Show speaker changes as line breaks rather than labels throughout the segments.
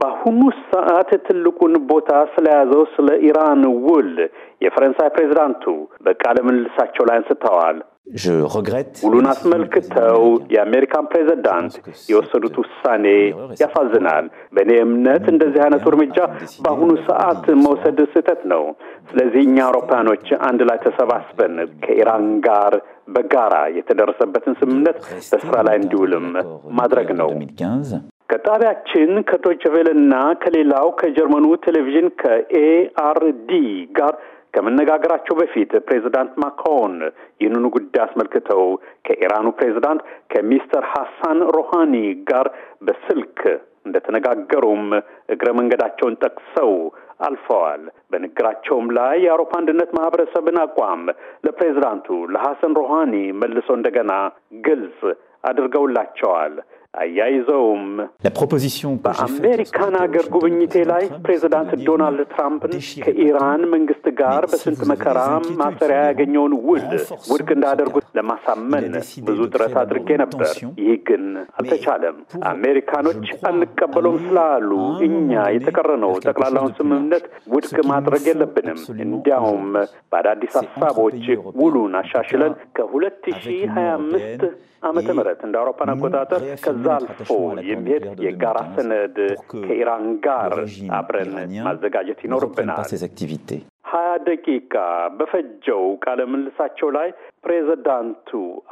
በአሁኑ ሰዓት ትልቁን ቦታ ስለያዘው ስለ ኢራን ውል የፈረንሳይ ፕሬዚዳንቱ በቃለ ምልልሳቸው ላይ አንስተዋል። ውሉን አስመልክተው የአሜሪካን ፕሬዚዳንት የወሰዱት ውሳኔ ያሳዝናል። በእኔ እምነት እንደዚህ አይነቱ እርምጃ በአሁኑ ሰዓት መውሰድ ስህተት ነው። ስለዚህ እኛ አውሮፓያኖች አንድ ላይ ተሰባስበን ከኢራን ጋር በጋራ የተደረሰበትን ስምምነት በስራ ላይ እንዲውልም ማድረግ ነው። ከጣቢያችን ከዶችቬልና ከሌላው ከጀርመኑ ቴሌቪዥን ከኤአርዲ ጋር ከመነጋገራቸው በፊት ፕሬዚዳንት ማክሮን ይህንኑ ጉዳይ አስመልክተው ከኢራኑ ፕሬዚዳንት ከሚስተር ሐሳን ሮሃኒ ጋር በስልክ እንደተነጋገሩም እግረ መንገዳቸውን ጠቅሰው አልፈዋል። በንግግራቸውም ላይ የአውሮፓ አንድነት ማህበረሰብን አቋም ለፕሬዚዳንቱ ለሐሰን ሮሃኒ መልሶ እንደገና ግልጽ አድርገውላቸዋል። አያይዘውም በአሜሪካን ሀገር ጉብኝቴ ላይ ፕሬዚዳንት ዶናልድ ትራምፕን ከኢራን መንግስት ጋር በስንት መከራ ማሰሪያ ያገኘውን ውል ውድቅ እንዳደርጉት ለማሳመን ብዙ ጥረት አድርጌ ነበር። ይህ ግን አልተቻለም። አሜሪካኖች አንቀበለውም ስላሉ እኛ የተቀረነው ጠቅላላውን ስምምነት ውድቅ ማድረግ የለብንም። እንዲያውም በአዳዲስ ሀሳቦች ውሉን አሻሽለን ከሁለት ሺህ ሀያ አምስት ዓመተ ምህረት እንደ አውሮፓን አቆጣጠር ከዛ አልፎ የሚሄድ የጋራ ሰነድ ከኢራን ጋር አብረን ማዘጋጀት ይኖርብናል። ሀያ ደቂቃ በፈጀው ቃለ ምልሳቸው ላይ ፕሬዚዳንቱ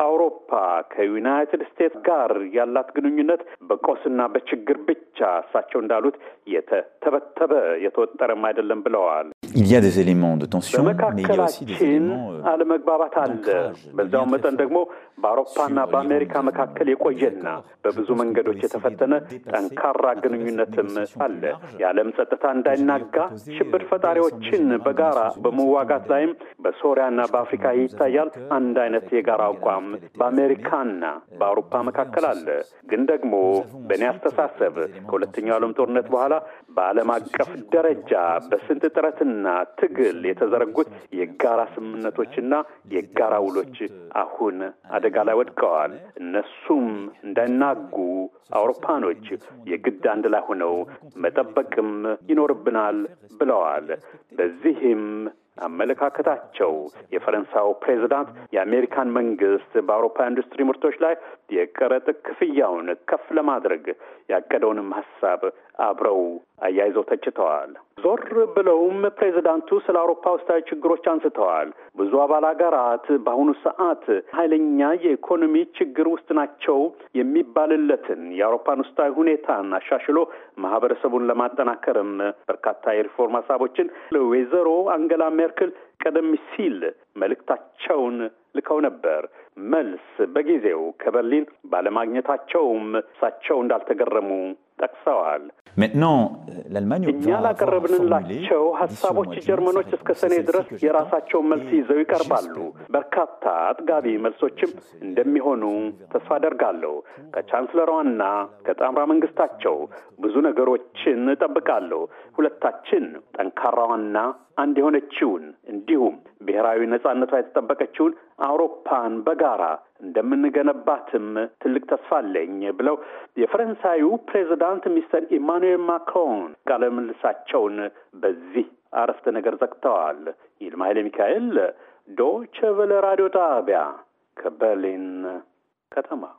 አውሮፓ ከዩናይትድ ስቴትስ ጋር ያላት ግንኙነት በቆስና በችግር ብቻ እሳቸው እንዳሉት የተተበተበ የተወጠረም አይደለም ብለዋል። il y a des éléments de tension, mais il y a aussi des éléments euh, አለመግባባት አለ። በዛው መጠን ደግሞ በአውሮፓና በአሜሪካ መካከል የቆየና በብዙ መንገዶች የተፈተነ ጠንካራ ግንኙነትም አለ። የዓለም ጸጥታ እንዳይናጋ euh, ሽብር ፈጣሪዎችን በጋራ በመዋጋት ላይም በሶሪያና በአፍሪካ ይታያል። አንድ አይነት የጋራ አቋም በአሜሪካና በአውሮፓ መካከል አለ። ግን ደግሞ በእኔ አስተሳሰብ ከሁለተኛው ዓለም ጦርነት በኋላ በዓለም አቀፍ ደረጃ በስንት ጥረትና እና ትግል የተዘረጉት የጋራ ስምምነቶችና የጋራ ውሎች አሁን አደጋ ላይ ወድቀዋል። እነሱም እንዳይናጉ አውሮፓኖች የግድ አንድ ላይ ሆነው መጠበቅም ይኖርብናል ብለዋል። በዚህም አመለካከታቸው። የፈረንሳው ፕሬዚዳንት የአሜሪካን መንግስት በአውሮፓ ኢንዱስትሪ ምርቶች ላይ የቀረጥ ክፍያውን ከፍ ለማድረግ ያቀደውንም ሀሳብ አብረው አያይዘው ተችተዋል። ዞር ብለውም ፕሬዚዳንቱ ስለ አውሮፓ ውስጣዊ ችግሮች አንስተዋል። ብዙ አባል ሀገራት በአሁኑ ሰዓት ኃይለኛ የኢኮኖሚ ችግር ውስጥ ናቸው የሚባልለትን የአውሮፓን ውስጣዊ ሁኔታን አሻሽሎ ማህበረሰቡን ለማጠናከርም በርካታ የሪፎርም ሀሳቦችን ለወይዘሮ አንገላ ሜርክል ቀደም ሲል መልእክታቸውን ልከው ነበር። መልስ በጊዜው ከበርሊን ባለማግኘታቸውም እሳቸው እንዳልተገረሙ ጠቅሰዋል። እኛ ላቀረብንላቸው ሀሳቦች ጀርመኖች እስከ ሰኔ ድረስ የራሳቸውን መልስ ይዘው ይቀርባሉ። በርካታ አጥጋቢ መልሶችም እንደሚሆኑ ተስፋ አደርጋለሁ። ከቻንስለሯና ከጣምራ መንግስታቸው ብዙ ነገሮችን እጠብቃለሁ። ሁለታችን ጠንካራዋና አንድ የሆነችውን እንዲሁም ብሔራዊ ነጻነቷ የተጠበቀችውን አውሮፓን በጋራ እንደምንገነባትም ትልቅ ተስፋ አለኝ ብለው የፈረንሳዩ ፕሬዚዳንት ሚስተር ኢማኑኤል ማክሮን ቃለ በዚህ አረፍተ ነገር ዘግተዋል። ይልማ ኃይለ ሚካኤል ዶይቼ ቬለ ራዲዮ ጣቢያ ከበርሊን ከተማ